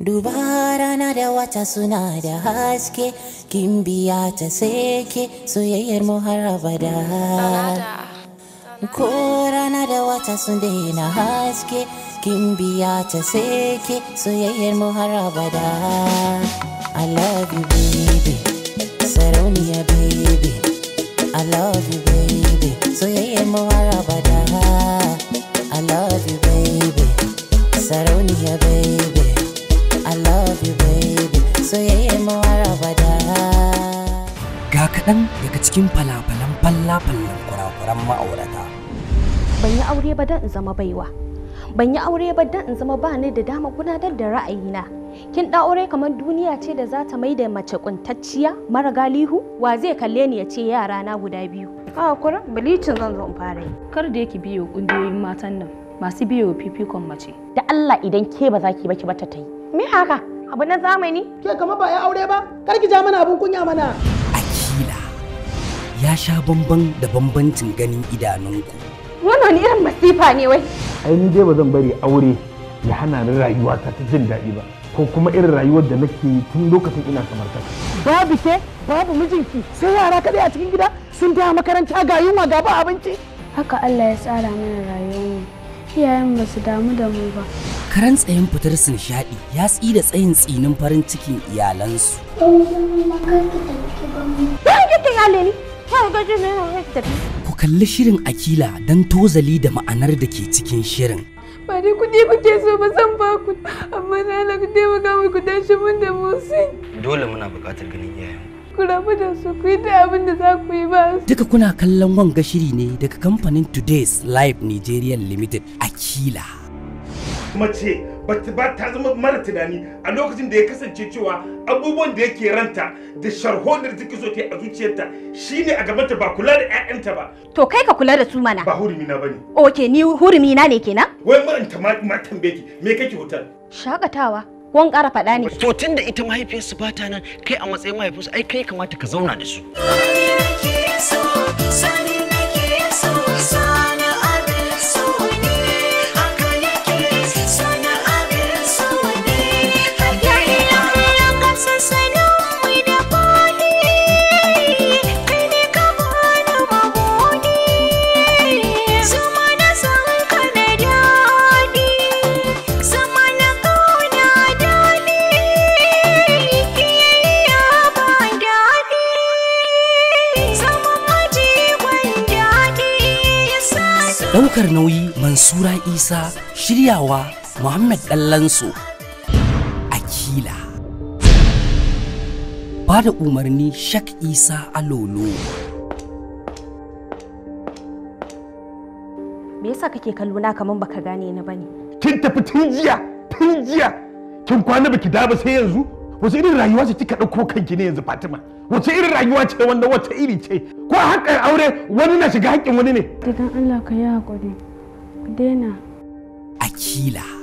Dubara na da wata suna da haske, kin biya ta seke soyayyar mu har abada. Ko rana da wata sun daina haske, kin biya ta seke soyayyar mu har abada. I love you baby, sarauniya baby. I love you baby, soyayyar mu har abada. har abada ga kaɗan daga cikin falafalan fallafallan kurakuran ma'aurata ban yi aure ba don in zama baiwa ban yi aure ba don in zama ba ni da dama gudanar da ra'ayina kin da aure kamar duniya ce da za ta mai da mace kuntacciya mara galihu wa zai kalle ni ya ce yara na guda biyu a kuran bilicin zan zo in fara yi kar da yake biyo kungiyoyin matan nan masu biyo fifikon mace da Allah idan ke ba za ki ba ki bata ta yi me haka abu na zamani ke kama ba ya aure ba kar ki ja mana abun kunya mana akila ya sha bamban da bambancin ganin idanunku wannan irin masifa ne wai ai ni dai ba zan bari aure ya hana ni rayuwa ta ta jin daɗi ba ko kuma irin rayuwar da nake tun lokacin ina samartaka babu ke babu mijinki sai yara kaɗai a cikin gida sun taya makaranta ga yunwa ga ba abinci haka Allah ya tsara mana rayuwar mu iyayen ba su damu da mu ba karan tsayin fitar su nishaɗi ya tsi da tsayin tsinin farin cikin iyalansu ku kalli shirin akila don tozali da ma'anar da ke cikin shirin ba dai kuɗi kuke so ba zan ba ku amma na ku taimaka mu ku mun da motsi dole muna buƙatar ganin iyayen ku rabu da su ku yi da abin da za ku yi ba duka kuna kallon wanga shiri ne daga kamfanin today's live nigeria limited a kila mace ba ta zama mara tunani a lokacin da ya kasance cewa abubuwan da yake ranta da sharhonar da so ta yi a zuciyarta ne a gabanta ba kula da 'ya'yanta ba to kai ka kula da su mana ba hurumi na bane Oke ni hurumi ne kenan wai mara ta ma tambaye ki me kake hotel shakatawa ko kara ƙara faɗa ne to da ita mahaifiyarsu ba ta nan kai a matsayin mahaifinsu ai kai kamata ka zauna da su Ɗaukar nauyi Mansura Isa shiryawa Muhammad Ɗallansu Akila. Ba da umarni Shak Isa Alolo. Me yasa kake kallo na kaman baka gane ni bane? Kin tafi tun jiya, tun jiya. Kin kwana baki da ba sai yanzu? wace irin rayuwa ce kika ɗauko kanki ne yanzu fatima wace irin rayuwa ce wanda wace iri ce ko a haƙƙin aure wani na shiga haƙƙin wani ne idan allah ka yi haƙuri daina kila.